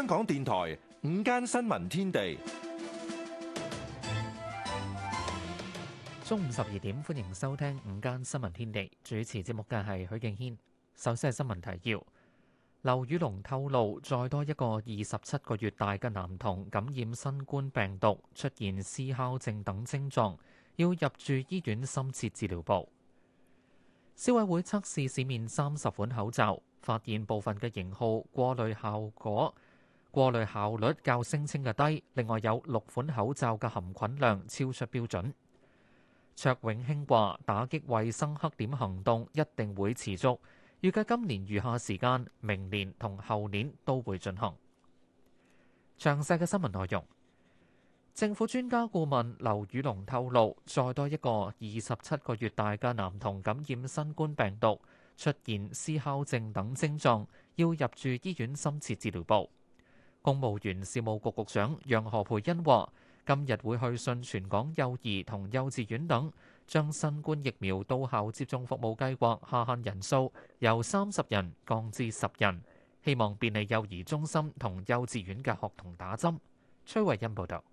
香港電台午間新聞天地，中午十二點，歡迎收聽午間新聞天地。主持節目嘅係許敬軒。首先係新聞提要：劉宇龍透露，再多一個二十七個月大嘅男童感染新冠病毒，出現思哮症等症狀，要入住醫院深切治療部。消委會測試市面三十款口罩，發現部分嘅型號過濾效果。過濾效率較聲稱嘅低，另外有六款口罩嘅含菌量超出標準。卓永興話：打擊衛生黑點行動一定會持續，預計今年餘下時間，明年同後年都會進行。詳細嘅新聞內容，政府專家顧問劉宇隆透露，再多一個二十七個月大嘅男童感染新冠病毒，出現思考症等症狀，要入住醫院深切治療部。公務員事務局局長楊何蓓茵話：今日會去信全港幼兒同幼稚園等，將新冠疫苗到校接種服務計劃下限人數由三十人降至十人，希望便利幼兒中心同幼稚園嘅學童打針。崔慧欣報道。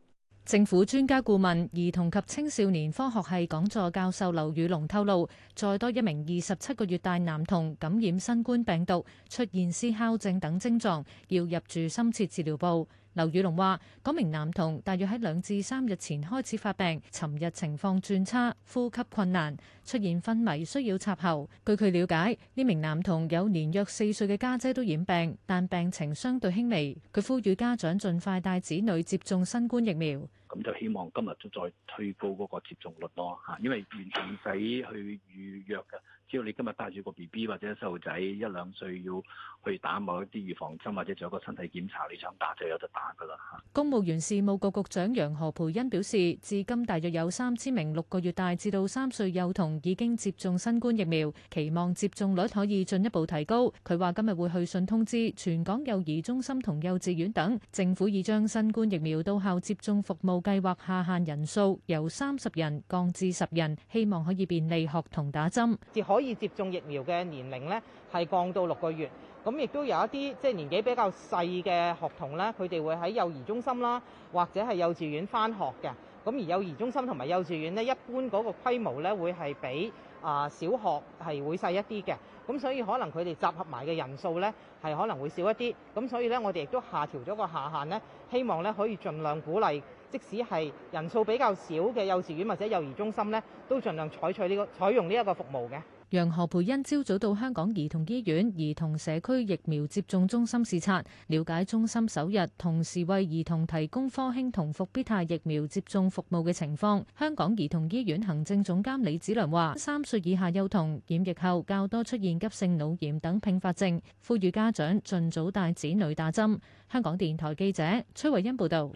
政府專家顧問、兒童及青少年科學系講座教授劉宇龍透露，再多一名二十七個月大男童感染新冠病毒，出現思考症等徵狀，要入住深切治療部。劉宇龍話，嗰名男童大約喺兩至三日前開始發病，尋日情況轉差，呼吸困難，出現昏迷，需要插喉。據佢了解，呢名男童有年約四歲嘅家姐都染病，但病情相對輕微。佢呼籲家長盡快帶子女接種新冠疫苗。咁就希望今日都再推高嗰個接種率咯，吓，因為完全唔使去預約嘅。只要你今日帶住個 BB 或者細路仔，一兩歲，要去打某一啲預防針或者做一個身體檢查，你想打就有得打噶啦嚇。公務員事務局局長楊何蓓茵表示，至今大約有三千名六個月大至到三歲幼童已經接種新冠疫苗，期望接種率可以進一步提高。佢話今日會去信通知全港幼兒中心同幼稚園等。政府已將新冠疫苗到校接種服務計劃下限人數由三十人降至十人，希望可以便利學童打針。可以接種疫苗嘅年齡咧係降到六個月，咁亦都有一啲即係年紀比較細嘅學童咧，佢哋會喺幼兒中心啦，或者係幼稚園返學嘅。咁而幼兒中心同埋幼稚園咧，一般嗰個規模咧會係比啊小學係會細一啲嘅，咁所以可能佢哋集合埋嘅人數咧係可能會少一啲，咁所以咧我哋亦都下調咗個下限咧，希望咧可以儘量鼓勵，即使係人數比較少嘅幼兒園或者幼兒中心咧，都儘量採取呢個，採用呢一個服務嘅。楊何培恩朝早到香港兒童醫院兒童社區疫苗接種中心視察，了解中心首日同時為兒童提供科興同復必泰疫苗接種服務嘅情況。香港兒童醫院行政總監李子良話：三歲以下幼童染疫後較多出現急性腦炎等併發症，呼籲家長儘早帶子女打針。香港電台記者崔慧欣報道。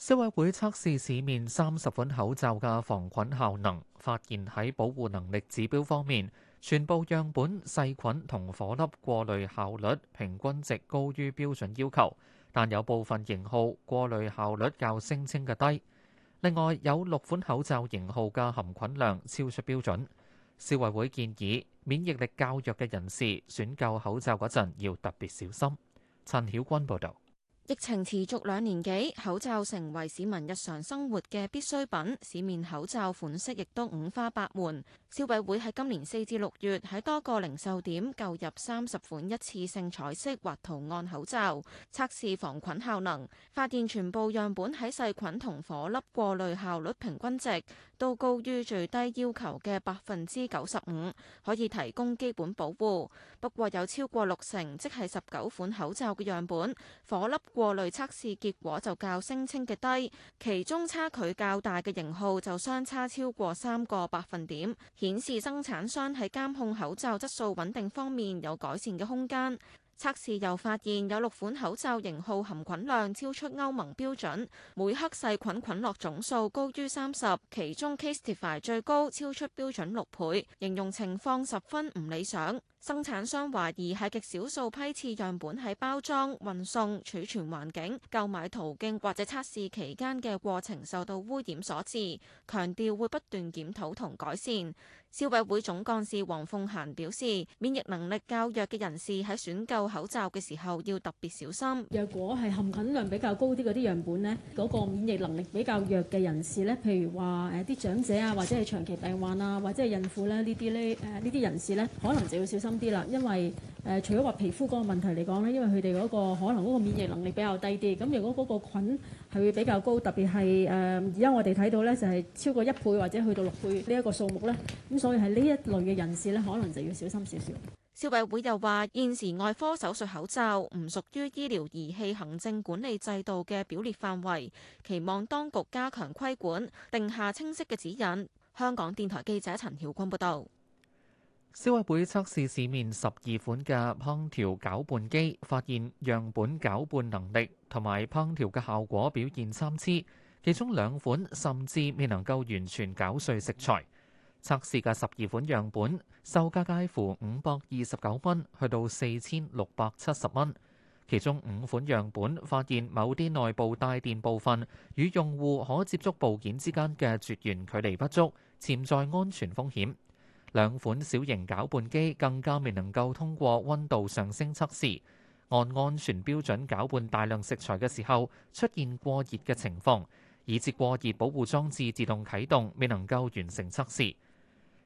消委會測試市面三十款口罩嘅防菌效能，發現喺保護能力指標方面，全部樣本細菌同火粒過濾效率平均值高於標準要求，但有部分型號過濾效率較聲稱嘅低。另外，有六款口罩型號嘅含菌量超出標準。消委會建議免疫力較弱嘅人士選購口罩嗰陣要特別小心。陳曉君報道。疫情持續兩年幾，口罩成為市民日常生活嘅必需品。市面口罩款式亦都五花八門。消委會喺今年四至六月喺多個零售點購入三十款一次性彩色或圖案口罩，測試防菌效能，發現全部樣本喺細菌同顆粒過濾效率平均值都高於最低要求嘅百分之九十五，可以提供基本保護。不過有超過六成，即係十九款口罩嘅樣本，顆粒過濾測試結果就較聲稱嘅低，其中差距較大嘅型號就相差超過三個百分點，顯示生產商喺監控口罩質素穩定方面有改善嘅空間。測試又發現有六款口罩型號含菌量超出歐盟標準，每克細菌菌落總數高於三十，其中 Casetify 最高超出標準六倍，形容情況十分唔理想。生產商啲啦、呃，因為誒，除咗話皮膚嗰個問題嚟講呢，因為佢哋嗰個可能嗰個免疫能力比較低啲，咁如果嗰個菌係會比較高，特別係誒，而、呃、家我哋睇到咧就係、是、超過一倍或者去到六倍呢一個數目咧，咁所以係呢一類嘅人士咧，可能就要小心點點少少。消委會又話，現時外科手術口罩唔屬於醫療儀器行政管理制度嘅表列範圍，期望當局加強規管，定下清晰嘅指引。香港電台記者陳曉君報道。消委會測試市面十二款嘅烹調攪拌機，發現樣本攪拌能力同埋烹調嘅效果表現參差，其中兩款甚至未能夠完全攪碎食材。測試嘅十二款樣本，售價介乎五百二十九蚊，去到四千六百七十蚊。其中五款樣本發現某啲內部帶電部分與用戶可接觸部件之間嘅絕緣距離不足，潛在安全風險。兩款小型攪拌機更加未能夠通過溫度上升測試，按安全標準攪拌大量食材嘅時候出現過熱嘅情況，以至過熱保護裝置自動啟動，未能夠完成測試。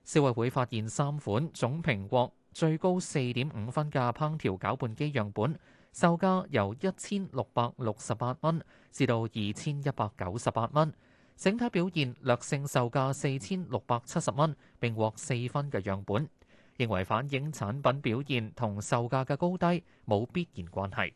消委會發現三款總評獲最高四點五分嘅烹調攪拌機樣本，售價由一千六百六十八蚊至到二千一百九十八蚊。整體表現略勝售價四千六百七十蚊，並獲四分嘅樣本，認為反映產品表現同售價嘅高低冇必然關係。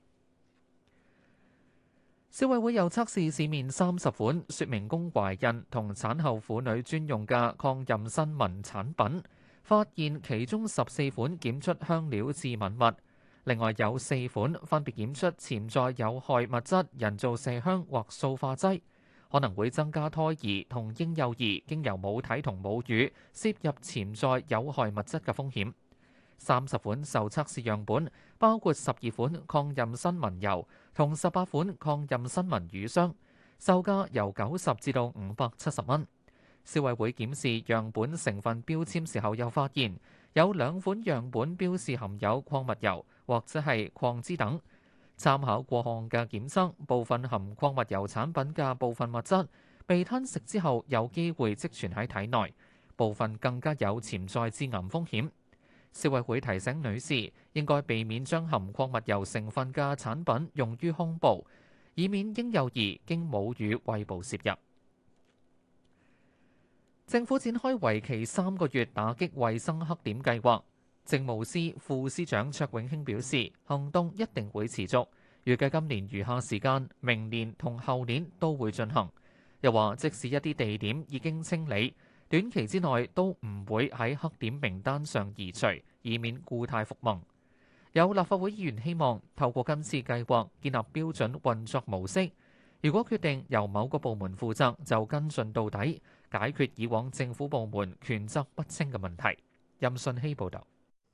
消委 會又測試市面三十款説明供懷孕同產後婦女專用嘅抗妊娠紋產品，發現其中十四款檢出香料致敏物，另外有四款分別檢出潛在有害物質、人造麝香或塑化劑。可能會增加胎兒同嬰幼兒經由母體同母乳攝入潛在有害物質嘅風險。三十款受測試樣本包括十二款抗妊娠紋油同十八款抗妊娠紋乳霜，售價由九十至到五百七十蚊。消委會檢視樣本成分標籤時候，又發現有兩款樣本標示含有礦物油或者係礦脂等。參考過項嘅檢測，部分含礦物油產品嘅部分物質被吞食之後，有機會積存喺體內，部分更加有潛在致癌風險。消委會提醒女士應該避免將含礦物油成分嘅產品用於胸部，以免嬰幼兒經母乳餵哺攝入。政府展開為期三個月打擊衛生黑點計劃。政務司副司長卓永興表示，行動一定會持續，預計今年餘下時間、明年同後年都會進行。又話，即使一啲地點已經清理，短期之內都唔會喺黑點名單上移除，以免故態復萌。有立法會議員希望透過今次計劃建立標準運作模式。如果決定由某個部門負責，就跟進到底，解決以往政府部門權責不清嘅問題。任信希報導。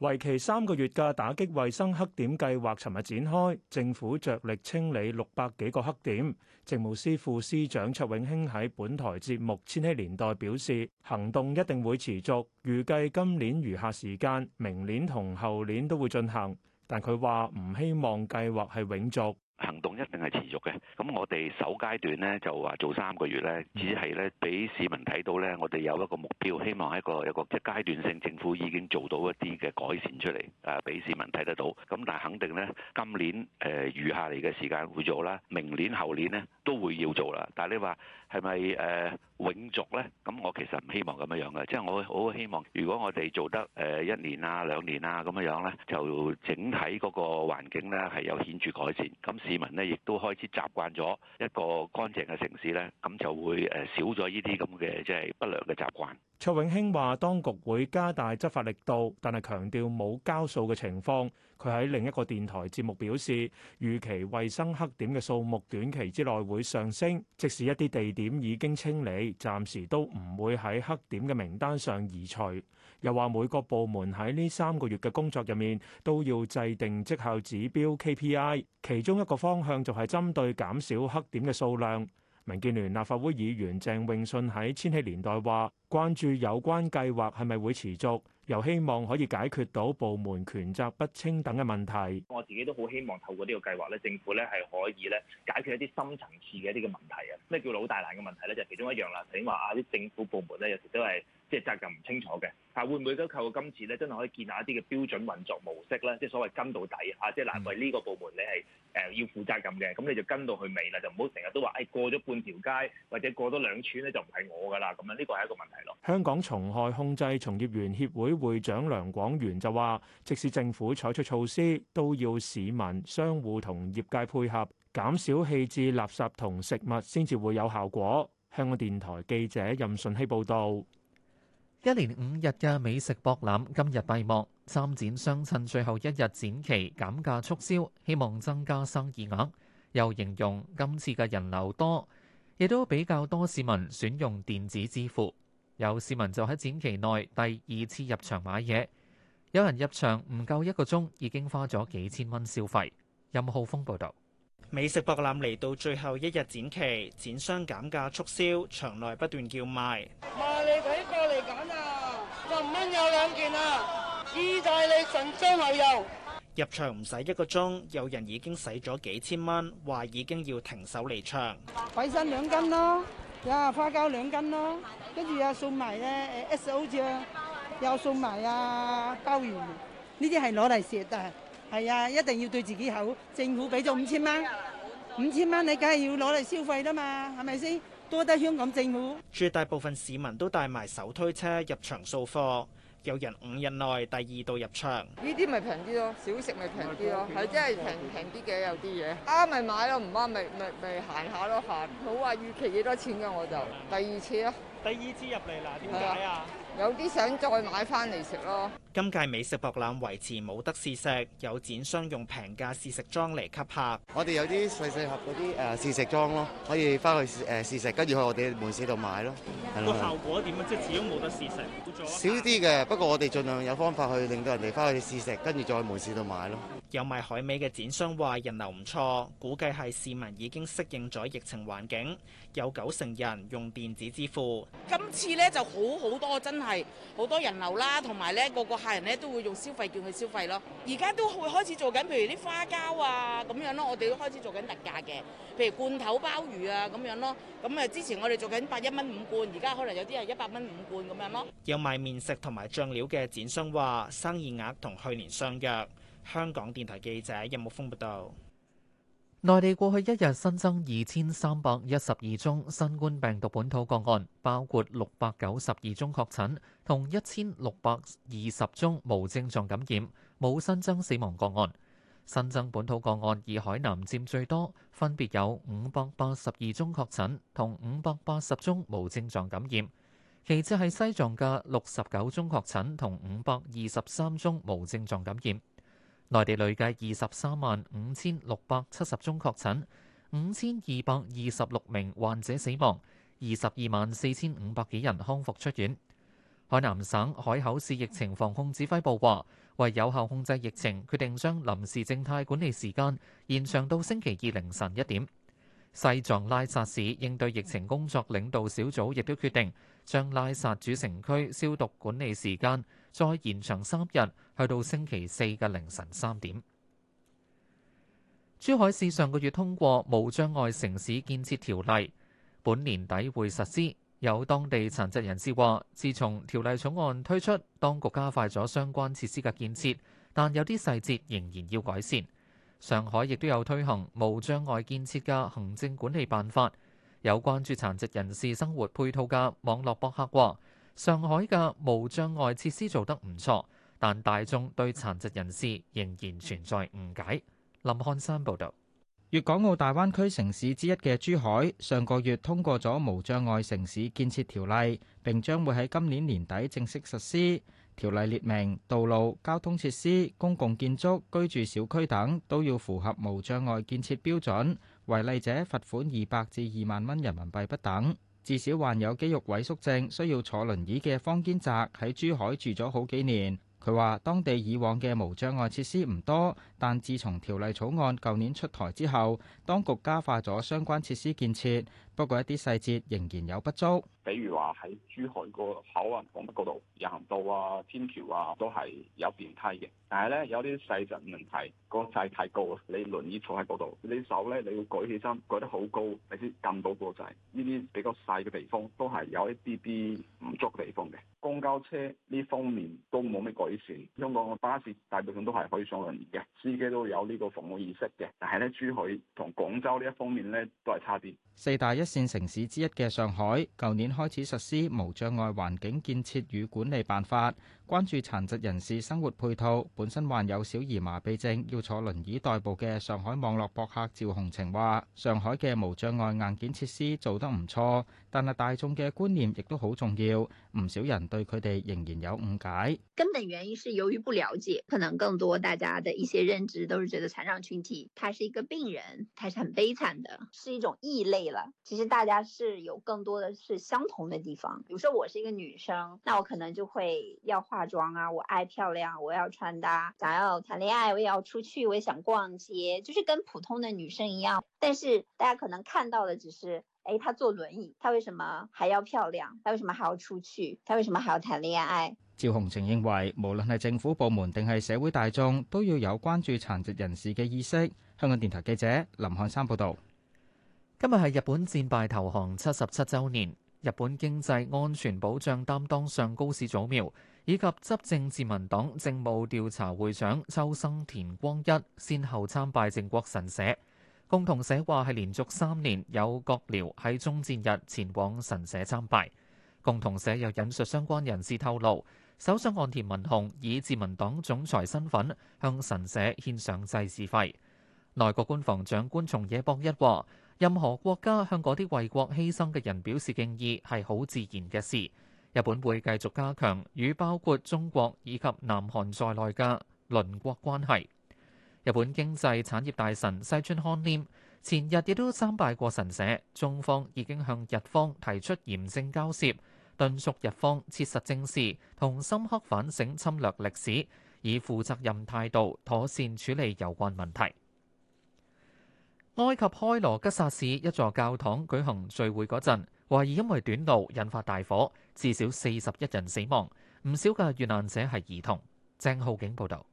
為期三個月嘅打擊衛生黑點計劃，尋日展開，政府着力清理六百幾個黑點。政務司副司長卓永興喺本台節目《千禧年代》表示，行動一定會持續，預計今年餘下時間、明年同後年都會進行，但佢話唔希望計劃係永續。行動一定係持續嘅，咁我哋首階段呢就話做三個月呢，只係呢俾市民睇到呢，我哋有一個目標，希望係一個有個即階段性政府已經做到一啲嘅改善出嚟，啊俾市民睇得到。咁但係肯定呢，今年誒餘下嚟嘅時間會做啦，明年後年呢都會要做啦。但係你話，係咪誒永續咧？咁我其實唔希望咁樣樣嘅，即係我好希望，如果我哋做得誒一年啊、兩年啊咁樣樣咧，就整體嗰個環境咧係有顯著改善，咁市民咧亦都開始習慣咗一個乾淨嘅城市咧，咁就會誒少咗呢啲咁嘅即係不良嘅習慣。卓永興話：當局會加大執法力度，但係強調冇交數嘅情況。佢喺另一個電台節目表示，預期衞生黑點嘅數目短期之內會上升。即使一啲地點已經清理，暫時都唔會喺黑點嘅名單上移除。又話每個部門喺呢三個月嘅工作入面都要制定績效指標 KPI，其中一個方向就係針對減少黑點嘅數量。民建聯立法會議員鄭榮信喺千禧年代話，關注有關計劃係咪會持續？又希望可以解決到部門權責不清等嘅問題。我自己都好希望透過呢個計劃咧，政府咧係可以咧解決一啲深層次嘅一啲嘅問題啊。咩叫老大難嘅問題咧？就係其中一樣啦。你話啊，啲政府部門咧有時都係。即係責任唔清楚嘅，但、啊、會唔會都靠今次咧？真係可以建立一啲嘅標準運作模式咧？即係所謂跟到底嚇，嗯、即係難為呢個部門你係誒要負責任嘅，咁你就跟到去尾啦，就唔好成日都話誒、哎、過咗半條街或者過咗兩處咧，就唔係我噶啦咁樣。呢個係一個問題咯。香港蟲害控制從業員協會會,會長梁廣源就話，即使政府採取措施，都要市民、商戶同業界配合，減少棄置垃圾同食物，先至會有效果。香港電台記者任順希報導。一連五日嘅美食博覽今日閉幕，參展商趁最後一日展期減價促銷，希望增加生意額。又形容今次嘅人流多，亦都比較多市民選用電子支付。有市民就喺展期內第二次入場買嘢，有人入場唔夠一個鐘，已經花咗幾千蚊消費。任浩峰報道，美食博覽嚟到最後一日展期，展商減價促銷，場內不斷叫賣。賣，你真有兩件啊，意大利純香牛油。入場唔使一個鐘，有人已經使咗幾千蚊，話已經要停手離場。鬼身兩斤咯，呀花膠兩斤咯，跟住啊送埋咧，S O G 啊，又送埋啊鮑魚，呢啲係攞嚟食啊，係啊，一定要對自己好。政府俾咗五千蚊，五千蚊你梗係要攞嚟消費啦嘛，係咪先？多得香港政府。絕大部分市民都帶埋手推車入場掃貨，有人五日內第二度入場。呢啲咪平啲咯，小食咪平啲咯，係真係平平啲嘅有啲嘢。啱咪買咯，唔啱咪咪咪行下咯，行。冇話預期幾多錢㗎，我就第二次咯。第二次入嚟嗱，點解啊？有啲想再買翻嚟食咯。今屆美食博覽維持冇得試食，有展商用平價試食裝嚟吸客。我哋有啲細細盒嗰啲誒試食裝咯，可以翻去誒試食，跟住去我哋門市度買咯。個、嗯、的效果點啊？即係始終冇得試食，少啲嘅。啊、不過我哋盡量有方法去令到人哋翻去試食，跟住再去門市度買咯。有賣海味嘅展商話：人流唔錯，估計係市民已經適應咗疫情環境，有九成人用電子支付。今次咧就好好多，真係好多人流啦，同埋咧個個。客人咧都會用消費券去消費咯，而家都會開始做緊，譬如啲花膠啊咁樣咯，我哋都開始做緊特價嘅，譬如罐頭鮑魚啊咁樣咯。咁啊，之前我哋做緊八一蚊五罐，而家可能有啲係一百蚊五罐咁樣咯。有賣麵食同埋醬料嘅展商話，生意額同去年相若。香港電台記者任木峯報道。內地過去一日新增二千三百一十二宗新冠病毒本土個案，包括六百九十二宗確診，同一千六百二十宗無症狀感染，冇新增死亡個案。新增本土個案以海南佔最多，分別有五百八十二宗確診同五百八十宗無症狀感染，其次係西藏嘅六十九宗確診同五百二十三宗無症狀感染。內地累計二十三萬五千六百七十宗確診，五千二百二十六名患者死亡，二十二萬四千五百幾人康復出院。海南省海口市疫情防控指揮部話，為有效控制疫情，決定將臨時靜態管理時間延長到星期二凌晨一點。西藏拉薩市應對疫情工作領導小組亦都決定，將拉薩主城區消毒管理時間。再延長三日，去到星期四嘅凌晨三點。珠海市上個月通過《無障礙城市建設條例》，本年底會實施。有當地殘疾人士話，自從條例草案推出，當局加快咗相關設施嘅建設，但有啲細節仍然要改善。上海亦都有推行《無障礙建設嘅行政管理辦法》，有關注殘疾人士生活配套嘅網絡博客話，上海嘅無障礙設施做得唔錯，但大眾對殘疾人士仍然存在誤解。林漢山報導，粵港澳大灣區城市之一嘅珠海，上個月通過咗無障礙城市建設條例，並將會喺今年年底正式實施。條例列明道路、交通設施、公共建築、居住小區等都要符合無障礙建設標準，違例者罰款二百至二萬蚊人民幣不等。至少患有肌肉萎縮症，需要坐輪椅嘅方堅澤喺珠海住咗好幾年。佢話：當地以往嘅無障礙設施唔多，但自從條例草案舊年出台之後，當局加快咗相關設施建設。不過一啲細節仍然有不足，比如話喺珠海個口岸廣北嗰度人行道啊、天橋啊都係有電梯嘅，但係咧有啲細節問題，個掣太高，你輪椅坐喺嗰度，你手咧你要舉起身舉得好高，你先撳到個掣，呢啲比較細嘅地方都係有一啲啲唔足嘅地方嘅。公交車呢方面都冇咩改善，香港嘅巴士大部分都係可以上輪椅嘅，司機都有呢個服務意識嘅，但係咧珠海同廣州呢一方面咧都係差啲。四大一一線城市之一嘅上海，舊年開始實施《無障礙環境建設與管理辦法》。關注殘疾人士生活配套，本身患有小兒麻痹症，要坐輪椅代步嘅上海網絡博客趙紅晴話：上海嘅無障礙硬件設施做得唔錯，但係大眾嘅觀念亦都好重要。唔少人對佢哋仍然有誤解。根本原因是由於不了解，可能更多大家的一些認知都是覺得殘障群體，他是一個病人，他是很悲慘的，是一種異類了。其實大家是有更多的是相同的地方。比如說我是一個女生，那我可能就會要畫。化妝啊！我愛漂亮，我要穿搭，想要談戀愛，我也要出去，我也想逛街，就是跟普通的女生一樣。但是大家可能看到的只是，誒，她坐輪椅，她為什麼還要漂亮？她為什麼還要出去？她為什麼還要談戀愛？趙紅晴認為，無論係政府部門定係社會大眾，都要有關注殘疾人士嘅意識。香港電台記者林漢山報道。今日係日本戰敗投降七十七周年，日本經濟安全保障擔當上高市早苗，以及執政自民黨政務調查會長萩生田光一先後參拜靖國神社，共同社話係連續三年有閣僚喺終戰日前往神社參拜。共同社又引述相關人士透露，首相岸田文雄以自民黨總裁身份向神社獻上祭祀費。內閣官房長官松野博一話：任何國家向嗰啲為國犧牲嘅人表示敬意係好自然嘅事。日本會繼續加強與包括中國以及南韓在內嘅鄰國關係。日本經濟產業大臣西村康稔前日亦都參拜過神社。中方已經向日方提出嚴正交涉，敦促日方切實正視同深刻反省侵略歷史，以負責任態度妥善處理有關問題。埃及開羅吉薩市一座教堂舉行聚會嗰陣，懷疑因為短路引發大火。至少四十一人死亡，唔少嘅遇難者係兒童。鄭浩景報道。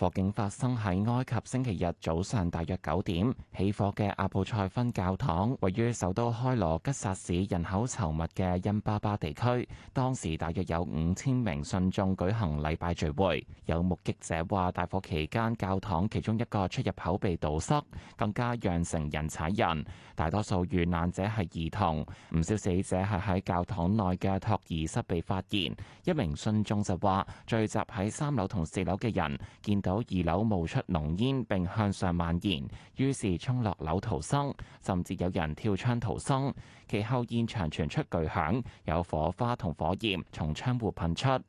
火警發生喺埃及星期日早上，大約九點起火嘅阿布賽芬教堂，位於首都開羅吉薩市人口稠密嘅恩巴巴地區。當時大約有五千名信眾舉行禮拜聚會。有目擊者話，大火期間教堂其中一個出入口被堵塞，更加釀成人踩人。大多數遇難者係兒童，唔少死者係喺教堂內嘅托兒室被發現。一名信眾就話，聚集喺三樓同四樓嘅人見到，有二樓冒出濃煙並向上蔓延，於是衝落樓逃生，甚至有人跳窗逃生。其後現場傳出巨響，有火花同火焰從窗戶噴出。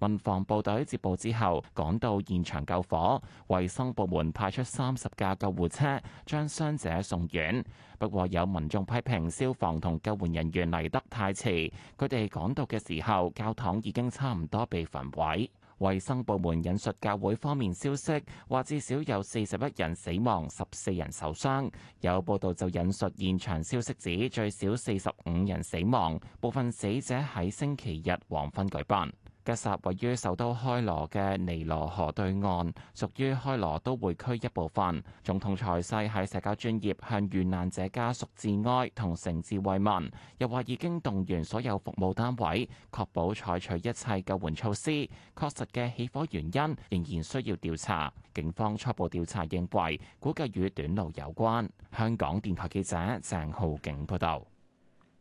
民防部隊接報之後趕到現場救火，衛生部門派出三十架救護車將傷者送院。不過有民眾批評消防同救援人員嚟得太遲，佢哋趕到嘅時候，教堂已經差唔多被焚毀。衛生部門引述教會方面消息，話至少有四十一人死亡，十四人受傷。有報道就引述現場消息指，最少四十五人死亡，部分死者喺星期日黃昏舉辦。吉薩位於首都開羅嘅尼羅河對岸，屬於開羅都會區一部分。總統塞西喺社交專頁向遇難者家屬致哀同誠摯慰問，又話已經動員所有服務單位，確保採取一切救援措施。確實嘅起火原因仍然需要調查，警方初步調查認為估計與短路有關。香港電台記者鄭浩景報道。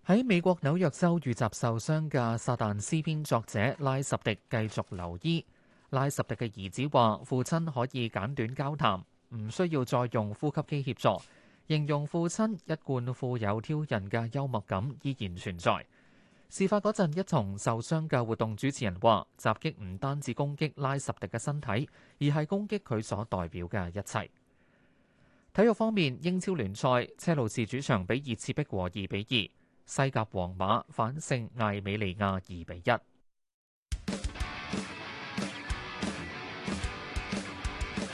喺美國紐約州遇襲受傷嘅《撒旦詩篇》作者拉什迪繼續留醫。拉什迪嘅兒子話，父親可以簡短交談，唔需要再用呼吸機協助。形容父親一貫富有挑釁嘅幽默感依然存在。事發嗰陣，一同受傷嘅活動主持人話，襲擊唔單止攻擊拉什迪嘅身體，而係攻擊佢所代表嘅一切。體育方面，英超聯賽車路士主場比熱刺逼和二比二。西甲，皇馬反勝艾美利亞二比一。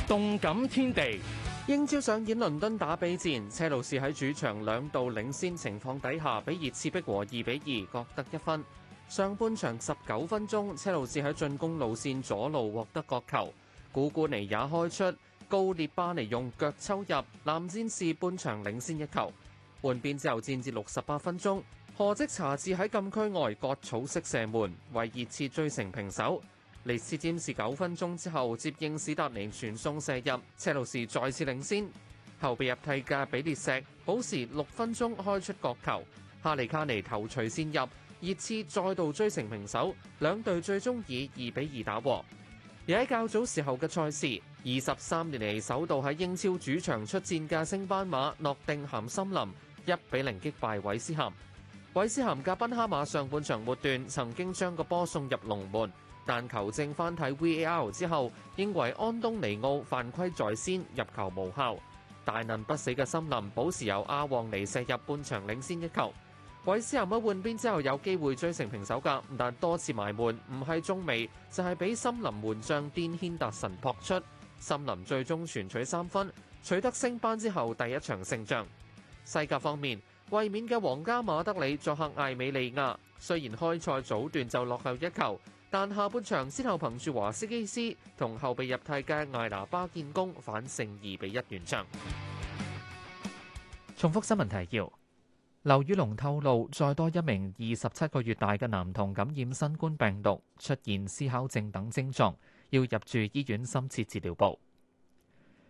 動感天地，英超上演倫敦打比戰，車路士喺主場兩度領先情況底下，比熱刺逼和二比二各得一分。上半場十九分鐘，車路士喺進攻路線左路獲得角球，古古尼也開出，高列巴尼用腳抽入，藍戰士半場領先一球。換邊之後戰至六十八分鐘，何即查治喺禁區外割草式射門，為熱刺追成平手。列斯占士九分鐘之後接應史達寧傳送射入，車路士再次領先。後備入替嘅比列石補時六分鐘開出角球，哈利卡尼頭槌先入，熱刺再度追成平手。兩隊最終以二比二打和。而喺較早時候嘅賽事，二十三年嚟首度喺英超主場出戰嘅升班馬諾定咸森林。一比零擊敗韋斯咸。韋斯咸嘅賓哈馬上半場末段曾經將個波送入龍門，但球證翻睇 VAR 之後，認為安東尼奧犯規在先，入球無效。大難不死嘅森林補時由阿旺尼射入半場領先一球。韋斯咸喺換邊之後有機會追成平手噶，但多次埋門，唔係中楣就係俾森林門將甸軒達神撲出。森林最終全取三分，取得升班之後第一場勝仗。西甲方面，衛冕嘅皇家馬德里作客艾美利亞，雖然開賽早段就落後一球，但下半場先後憑住華斯基斯同後備入替嘅艾拿巴建功，反勝二比一完場。重複新聞提要：劉宇龍透露，再多一名二十七個月大嘅男童感染新冠病毒，出現思考症等症狀，要入住醫院深切治療部。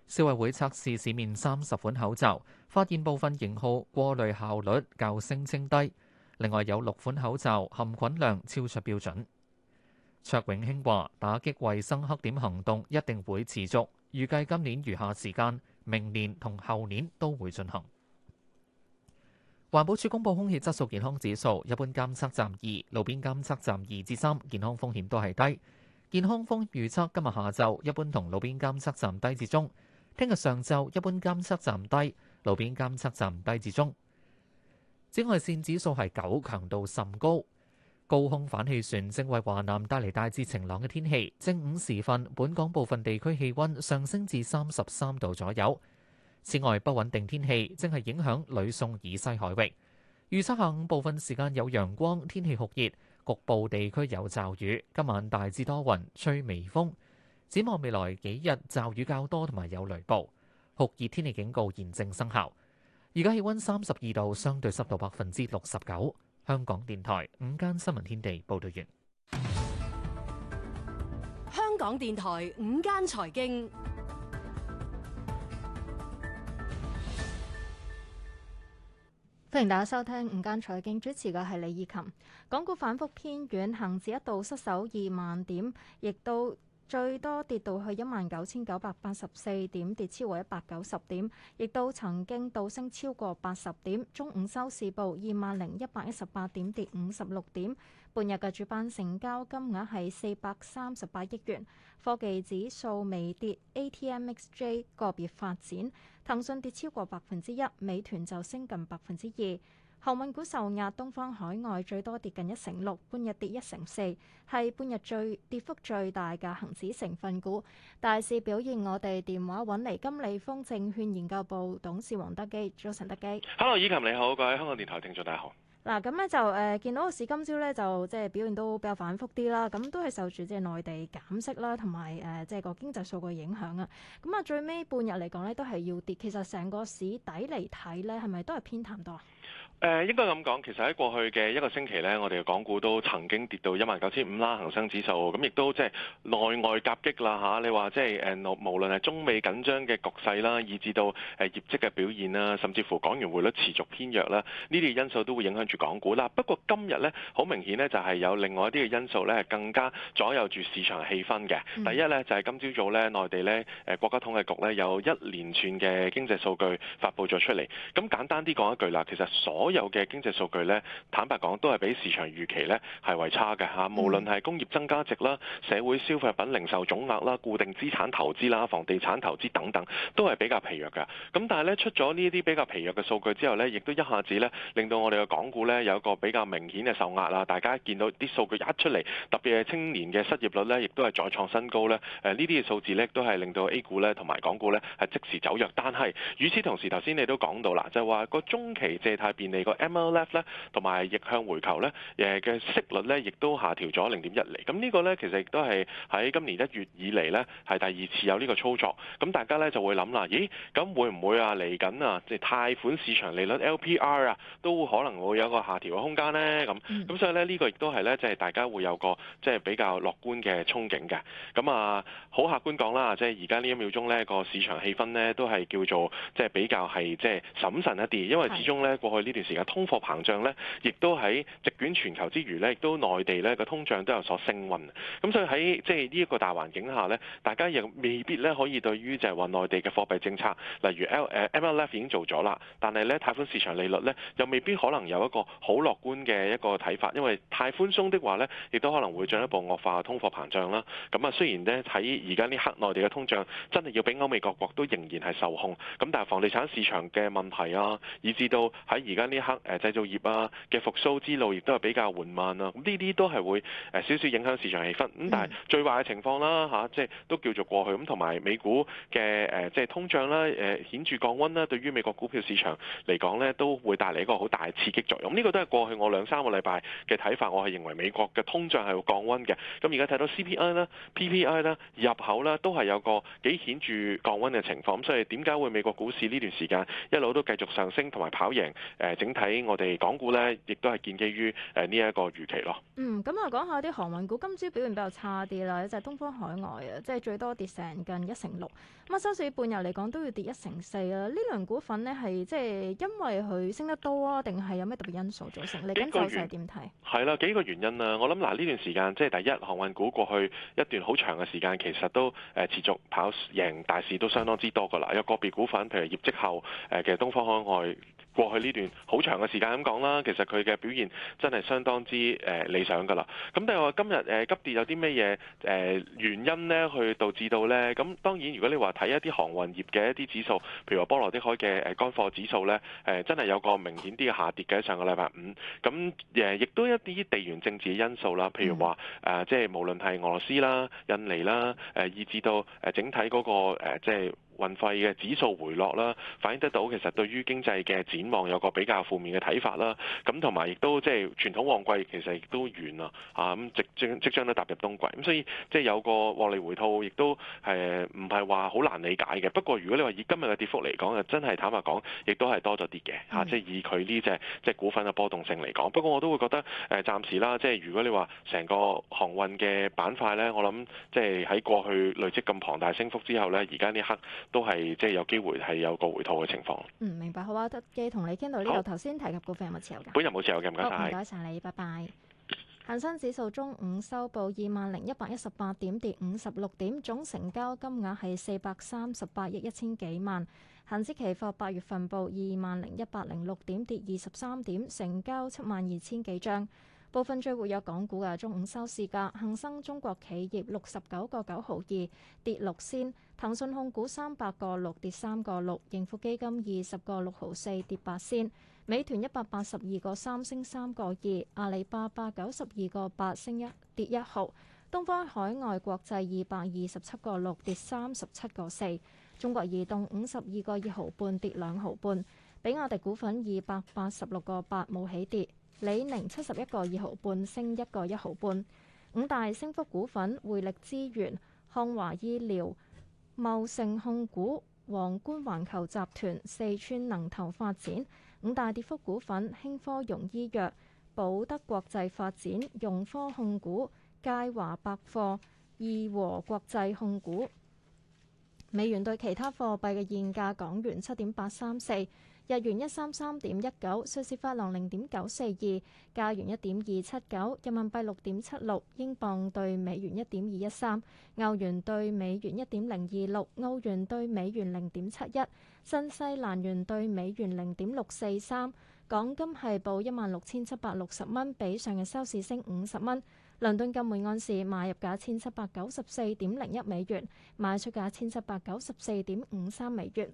消委會測試市面三十款口罩，發現部分型號過濾效率較聲稱低。另外有六款口罩含菌量超出標準。卓永興話：打擊衛生黑點行動一定會持續，預計今年餘下時間，明年同後年都會進行。環保署公布空氣質素健康指數，一般監測站二，路邊監測站二至三，健康風險都係低。健康風險預測今日下晝一般同路邊監測站低至中。聽日上晝，一般監測站低，路邊監測站低至中。紫外線指數係九，強度甚高。高空反氣旋正為華南帶嚟大致晴朗嘅天氣。正午時分，本港部分地區氣溫上升至三十三度左右。此外，不穩定天氣正係影響呂宋以西海域。預測下午部分時間有陽光，天氣酷熱，局部地區有驟雨。今晚大致多雲，吹微風。展望未來幾日，驟雨較多，同埋有雷暴，酷熱天氣警告現正生效。而家氣溫三十二度，相對濕度百分之六十九。香港電台午間新聞天地報道。完，香港電台午間財經，歡迎大家收聽午間財經，主持嘅係李以琴。港股反覆偏軟，恒指一度失守二萬點，亦都。最多跌到去一萬九千九百八十四點，跌超過一百九十點，亦都曾經倒升超過八十點。中午收市報二萬零一百一十八點，跌五十六點。半日嘅主板成交金額係四百三十八億元。科技指數微跌，ATM XJ 個別發展，騰訊跌超過百分之一，美團就升近百分之二。航運股受壓，東方海外最多跌近一成六，半日跌一成四，係半日最跌幅最大嘅恒指成分股。大市表現，我哋電話搵嚟，金利豐證券研究部董事黃德基，早晨，德基，Hello，依琴你好，各位香港電台聽眾大家好。嗱，咁呢、啊、就誒、呃、見到個市今朝咧就即係表現都比較反覆啲啦。咁都係受住即係內地減息啦，同埋誒即係個經濟數據影響啊。咁啊，最尾半日嚟講咧都係要跌。其實成個市底嚟睇咧，係咪都係偏淡多？誒應該咁講，其實喺過去嘅一個星期呢，我哋嘅港股都曾經跌到一萬九千五啦，恒生指數咁亦都即係內外夾擊啦嚇、啊。你話即係誒，無論係中美緊張嘅局勢啦，以至到誒業績嘅表現啦，甚至乎港元匯率持續偏弱啦，呢啲因素都會影響住港股啦。不過今日呢，好明顯呢，就係有另外一啲嘅因素呢，係更加左右住市場氣氛嘅。嗯、第一呢，就係、是、今朝早、早呢，內地呢，誒國家統計局呢，有一連串嘅經濟數據發布咗出嚟。咁簡單啲講一句啦，其實所所有嘅經濟數據呢，坦白講都係比市場預期呢係為差嘅嚇、啊。無論係工業增加值啦、社會消費品零售總額啦、固定資產投資啦、房地產投資等等，都係比較疲弱嘅。咁但係呢，出咗呢啲比較疲弱嘅數據之後呢，亦都一下子呢令到我哋嘅港股呢有一個比較明顯嘅受壓啊！大家見到啲數據一出嚟，特別係青年嘅失業率呢，亦都係再創新高呢。誒呢啲嘅數字呢，都係令到 A 股呢同埋港股呢係即時走弱。但係與此同時，頭先你都講到啦，就係話個中期借貸便個 MLF 咧，同埋逆向回購咧，誒嘅息率咧，亦都下調咗零點一厘。咁、這、呢個咧，其實亦都係喺今年一月以嚟咧，係第二次有呢個操作。咁大家咧就會諗啦，咦？咁會唔會啊，嚟緊啊，即係貸款市場利率 LPR 啊，PR，都可能會有個下調嘅空間呢。咁咁、嗯、所以咧，呢、這個亦都係咧，即係大家會有個即係比較樂觀嘅憧憬嘅。咁、嗯、啊，好客觀講啦，即係而家呢一秒鐘咧，個市場氣氛咧，都係叫做即係比較係即係審慎一啲，因為始終咧過去呢段。時間通貨膨脹咧，亦都喺席捲全球之餘咧，亦都內地咧個通脹都有所升溫。咁所以喺即係呢一個大環境下咧，大家亦未必咧可以對於就係話內地嘅貨幣政策，例如 L ML MLF 已經做咗啦，但係咧貸款市場利率咧又未必可能有一個好樂觀嘅一個睇法，因為太寬鬆的話咧，亦都可能會進一步惡化通貨膨脹啦。咁啊，雖然咧喺而家呢刻內地嘅通脹真係要比歐美各國都仍然係受控，咁但係房地產市場嘅問題啊，以至到喺而家呢。一刻製造業啊嘅復甦之路亦都係比較緩慢啊，咁呢啲都係會誒少少影響市場氣氛。咁但係最壞嘅情況啦嚇，即係都叫做過去。咁同埋美股嘅誒即係通脹啦，誒顯著降溫啦，對於美國股票市場嚟講呢，都會帶嚟一個好大嘅刺激作用。呢個都係過去我兩三個禮拜嘅睇法，我係認為美國嘅通脹係會降溫嘅。咁而家睇到 CPI 啦、PPI 啦、入口啦，都係有個幾顯著降溫嘅情況。咁所以點解會美國股市呢段時間一路都繼續上升同埋跑贏誒？整體我哋港股咧，亦都係建基於誒呢一個預期咯。嗯，咁啊，講下啲航運股今朝表現比較差啲啦，就係、是、東方海外啊，即係最多跌成近一成六。咁啊，收市半日嚟講都要跌一成四啦。呢輪股份咧係即係因為佢升得多啊，定係有咩特別因素造成？你就幾個原因點睇？係啦，幾個原因啊。我諗嗱，呢、呃、段時間即係第一航運股過去一段好長嘅時間，其實都誒、呃、持續跑贏大市都相當之多噶啦。有個別股份，譬如業績後誒、呃，其實東方海外。過去呢段好長嘅時間咁講啦，其實佢嘅表現真係相當之誒理想㗎啦。咁但係話今日誒急跌有啲咩嘢誒原因呢？去導致到呢？咁當然如果你話睇一啲航運業嘅一啲指數，譬如話波羅的海嘅誒乾貨指數呢，誒真係有個明顯啲嘅下跌嘅上個禮拜五，咁誒亦都一啲地緣政治嘅因素啦，譬如話誒、嗯、即係無論係俄羅斯啦、印尼啦，誒以至到誒整體嗰個誒即係。就是運費嘅指數回落啦，反映得到其實對於經濟嘅展望有個比較負面嘅睇法啦。咁同埋亦都即係傳統旺季其實亦都完啦，啊咁即將即將都踏入冬季，咁所以即係有個獲利回吐，亦都係唔係話好難理解嘅。不過如果你話以今日嘅跌幅嚟講，啊真係坦白講，亦都係多咗啲嘅嚇。即係的以佢呢隻即係股份嘅波動性嚟講，不過我都會覺得誒暫時啦。即係如果你話成個航運嘅板塊咧，我諗即係喺過去累積咁龐大升幅之後咧，而家呢刻。都係即係有機會係有個回吐嘅情況。嗯，明白好啊，得嘅、這個，同你傾到呢度。頭先提及股份有冇持有嘅？本人冇持有嘅，唔該晒，唔該晒你，拜拜。 恒生指數中午收報二萬零一百一十八點，跌五十六點，總成交金額係四百三十八億一千幾萬。恒指期貨八月份報二萬零一百零六點，跌二十三點，成交七萬二千幾張。部分最活躍港股嘅中午收市價：恒生中國企業六十九個九毫二，跌六仙；騰訊控股三百個六，跌三個六；盈富基金二十個六毫四，跌八仙；美團一百八十二個三，升三個二；阿里巴巴九十二個八，升一跌一毫；東方海外國際二百二十七個六，跌三十七個四；中國移動五十二個二毫半，跌兩毫半；比亞迪股份二百八十六個八，冇起跌。李寧七十一個二毫半，25，升一個一毫半。五大升幅股份：匯力資源、康華醫療、茂盛控股、皇冠環球集團、四川能投發展。五大跌幅股份：興科融醫藥、寶德國際發展、融科控股、佳華百貨、義和國際控股。美元兌其他貨幣嘅現價：港元七點八三四，日元一三三點一九，瑞士法郎零點九四二，加元一點二七九，人民幣六點七六，英鎊對美元一點二一三，歐元對美元一點零二六，歐元對美元零點七一，新西蘭元對美元零點六四三。港金係報一萬六千七百六十蚊，比上日收市升五十蚊。倫敦金每安士買入價一千七百九十四點零一美元，賣出價一千七百九十四點五三美元。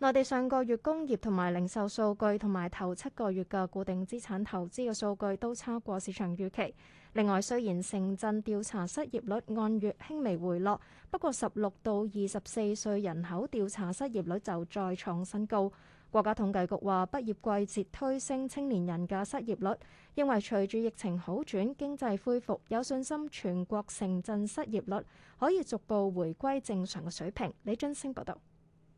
內地上個月工業同埋零售數據同埋頭七個月嘅固定資產投資嘅數據都差過市場預期。另外，雖然城鎮調查失業率按月輕微回落，不過十六到二十四歲人口調查失業率就再創新高。國家統計局話，畢業季節推升青年人嘅失業率。認為隨住疫情好轉，經濟恢復，有信心全國城鎮失業率可以逐步回歸正常嘅水平。李津星報道。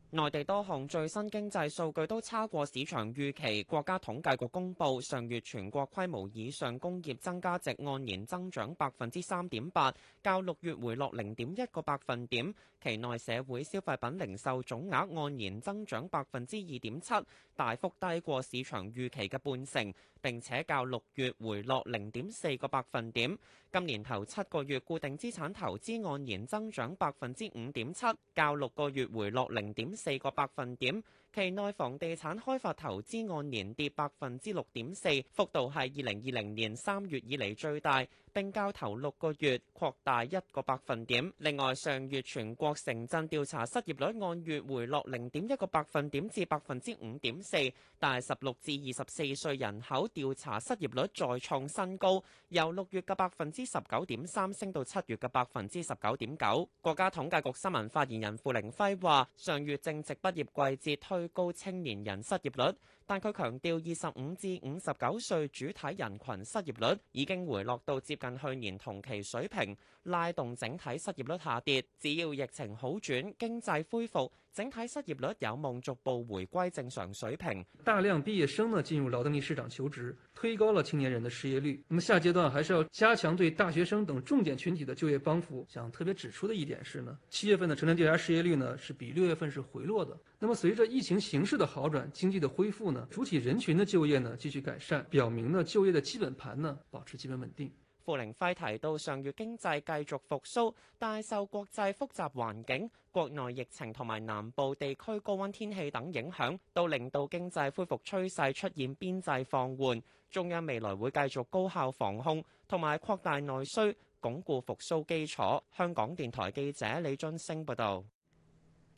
內地多項最新經濟數據都差過市場預期。國家統計局公布，上月全國規模以上工業增加值按年增長百分之三點八，較六月回落零點一個百分點。期內社會消費品零售總額按年增長百分之二點七，大幅低過市場預期嘅半成，並且較六月回落零點四個百分點。今年頭七個月固定資產投資按年增長百分之五點七，較六個月回落零點四個百分點。期內房地產開發投資按年跌百分之六點四，幅度係二零二零年三月以嚟最大，並較頭六個月擴大一個百分點。另外，上月全國城鎮調查失業率按月回落零點一個百分點至百分之五點四，但十六至二十四歲人口調查失業率再創新高，由六月嘅百分之十九點三升到七月嘅百分之十九點九。國家統計局新聞發言人付凌暉話，上月正值畢業季節，推高青年人失業率。但佢強調，二十五至五十九歲主體人群失業率已經回落到接近去年同期水平，拉動整體失業率下跌。只要疫情好轉，經濟恢復，整體失業率有望逐步回歸正常水平。大量畢業生呢進入勞動力市場求職，推高了青年人的失業率。那麼，下階段還是要加強對大學生等重點群體的就業幫扶。想特別指出的一點是呢，七月份的城鎮調查失業率呢是比六月份是回落的。那麼，隨着疫情形勢的好轉，經濟的恢復呢，主體人群嘅就業呢繼續改善，表明呢就業嘅基本盤呢保持基本穩定。付凌暉提到，上月經濟繼續復蘇，但受國際複雜環境、國內疫情同埋南部地區高溫天氣等影響，都令到經濟恢復趨勢出現邊際放緩。中央未來會繼續高效防控同埋擴大內需，鞏固復蘇基礎。香港電台記者李津升報道。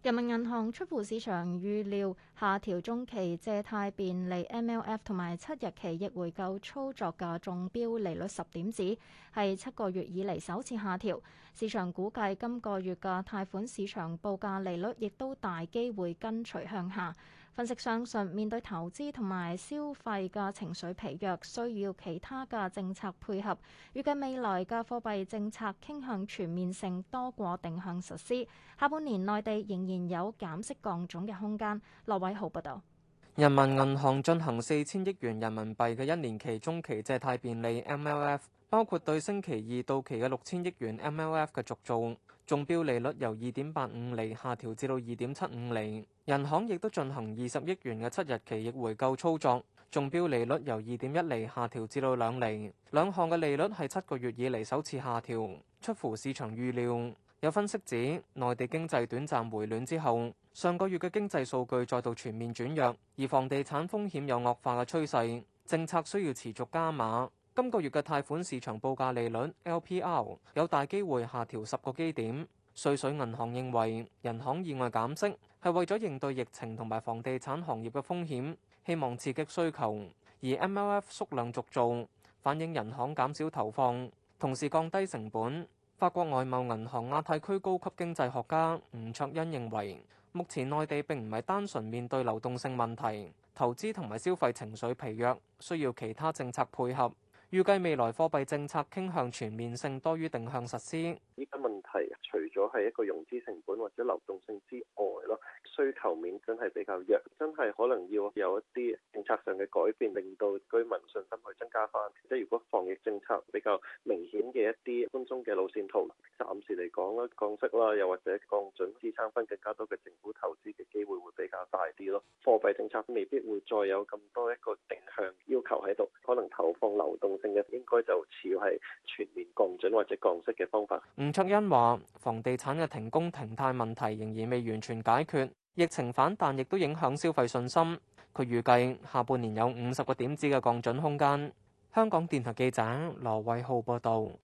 人民銀行出乎市場預料，下調中期借貸便利 （MLF） 同埋七日期逆回購操作嘅中標利率十點子，係七個月以嚟首次下調。市場估計今個月嘅貸款市場報價利率亦都大機會跟隨向下。分析相信面對投資同埋消費嘅情緒疲弱，需要其他嘅政策配合。預計未來嘅貨幣政策傾向全面性多過定向實施。下半年內地仍然有減息降準嘅空間，羅偉豪報導。人民銀行進行四千億元人民幣嘅一年期中期借貸便利 （MLF），包括對星期二到期嘅六千億元 MLF 嘅續造。中標利率由二點八五厘下調至到二點七五厘，人行亦都進行二十億元嘅七日期逆回購操作，中標利率由二點一厘下調至到兩厘，兩項嘅利率係七個月以嚟首次下調，出乎市場預料。有分析指，內地經濟短暫回暖之後，上個月嘅經濟數據再度全面轉弱，而房地產風險有惡化嘅趨勢，政策需要持續加碼。今個月嘅貸款市場報價利率 LPR 有大機會下調十個基點。瑞穗銀行認為，人行意外減息係為咗應對疫情同埋房地產行業嘅風險，希望刺激需求。而 MLF 縮量續作，反映人行減少投放，同時降低成本。法國外貿銀行亞太區高級經濟學家吳卓恩認為，目前內地並唔係單純面對流動性問題，投資同埋消費情緒疲弱，需要其他政策配合。預計未來貨幣政策傾向全面性多於定向實施。呢個問題除咗係一個融資成本或者流動性之外咯。需求面真係比較弱，真係可能要有一啲政策上嘅改變，令到居民信心去增加翻。即係如果防疫政策比較明顯嘅一啲寬鬆嘅路線圖暫時嚟講啦，降息啦，又或者降準支撐翻更加多嘅政府投資嘅機會會比較大啲咯。貨幣政策未必會再有咁多一個定向要求喺度，可能投放流動性嘅應該就似係全面降準或者降息嘅方法。吳卓恩話房地產嘅停工停貸問題仍然未完全解決。疫情反彈亦都影響消費信心，佢預計下半年有五十個點子嘅降準空間。香港電台記者羅偉浩報道。